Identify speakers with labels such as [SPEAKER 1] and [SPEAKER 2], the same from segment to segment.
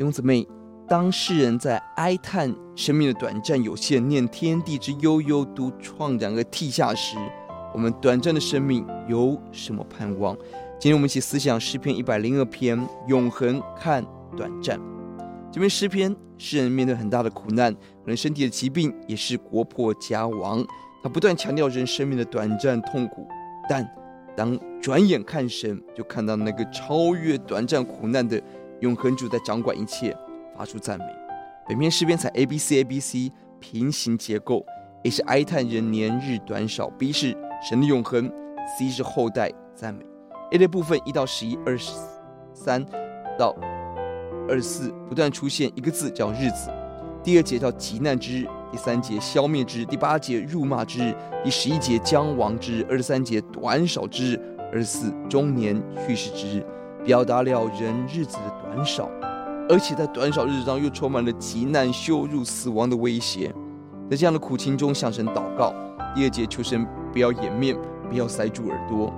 [SPEAKER 1] 兄姊妹，當世人在哀嘆生命的短暫有限，念天地之悠悠，獨愴然而涕下時，我們短暫的生命有什麼盼望？今天我們一起思想詩篇一百零二篇，永恆看短暫。這篇詩篇，詩人面對很大的苦難，可能身體的疾病，也是國破家亡。他不斷強調人生命的短暫痛苦，但當轉眼看神，就看到那個超越短暫苦難的。永恆主在掌管一切，發出讚美。本篇詩篇採 A B C A B C 平行結構，A 是哀嘆人年日短少，B 是神的永恆，C 是後代讚美。A 的部分一到十一、二十三到二十四不斷出現一個字叫“日子”。第二節叫“急難之日”，第三節“消滅之日”，第八節“辱罵之日”，第十一節“將亡之日”，二十三節“短少之日”，二十四“中年去世之日”。表達了人日子的短少，而且在短少日子中又充滿了急難、羞辱、死亡的威脅。在這樣的苦情中，向神禱告。第二節求神不要掩面，不要塞住耳朵。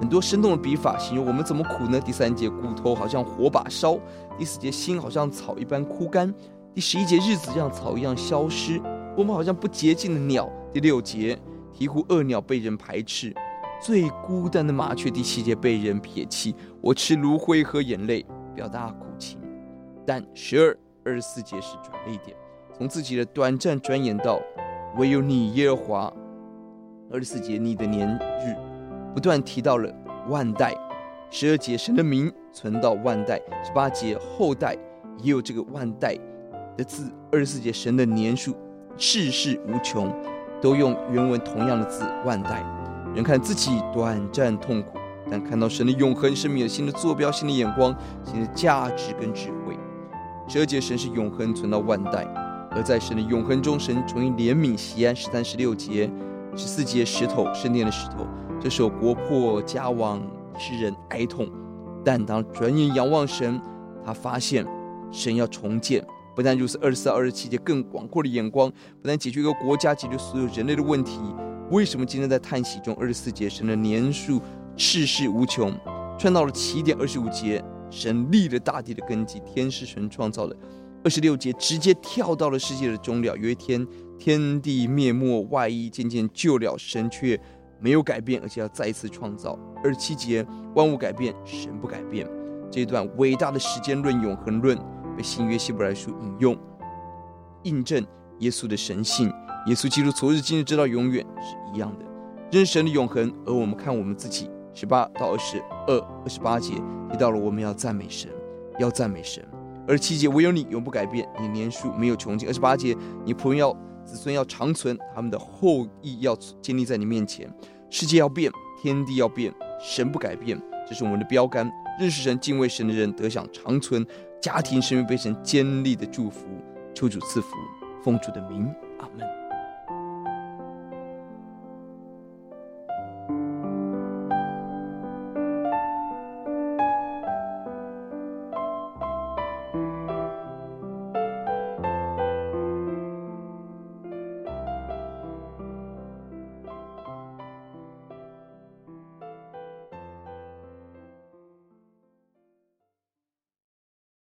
[SPEAKER 1] 很多生動的筆法形容我們怎麼苦呢？第三節骨頭好像火把燒，第四節心好像草一般枯乾，第十一節日子像草一樣消失，我們好像不潔淨的鳥。第六節鵜鶘、鶚鳥被人排斥。最孤單的麻雀，第七節被人撇棄。我吃爐灰喝眼淚，表達苦情。但十二二十四節是轉捩點，從自己的短暫轉眼到唯有你耶和華。二十四節你的年日不斷提到了萬代。十二節神的名存到萬代。十八節後代也有這個萬代的字。二十四節神的年數世世無窮，都用原文同樣的字萬代。人看自己短暫痛苦，但看到神的永恆生命，新的坐標，新的眼光，新的價值跟智慧。十二節神是永恆存到萬代，而在神的永恆中，神重新憐憫錫安十三十六節、十四節石頭，聖殿的石頭，這是國破家亡，使人哀痛。但當轉眼仰望神，他發現神要重建。不但如此，二十四到二十七節更廣闊的眼光，不但解決一個國家，解決所有人類的問題。為什麼今天在嘆息中二十四節神的年數世世無窮，穿到了起點二十五節神立了大地的根基，天是神創造的，二十六節直接跳到了世界的終了，有一天天地滅沒外衣漸漸舊了，神卻沒有改變，而且要再次創造二十七節萬物改變神不改變，這一段偉大的時間論永恆論被新約希伯來書引用，印證耶穌的神性。耶穌基督昨日、今日，直到永遠是一樣的。認識神的永恆，而我們看我們自己，十八到二十二、二十八節提到了我們要讚美神，要讚美神。二十七節唯有你永不改變，你年數沒有窮盡。二十八節你僕人要子孫要長存，他們的後裔要堅立在你面前。世界要變，天地要變，神不改變，這是我們的標杆。認識神、敬畏神的人得享長存，家庭生命被神堅立的祝福。求主賜福，奉主的名，阿門。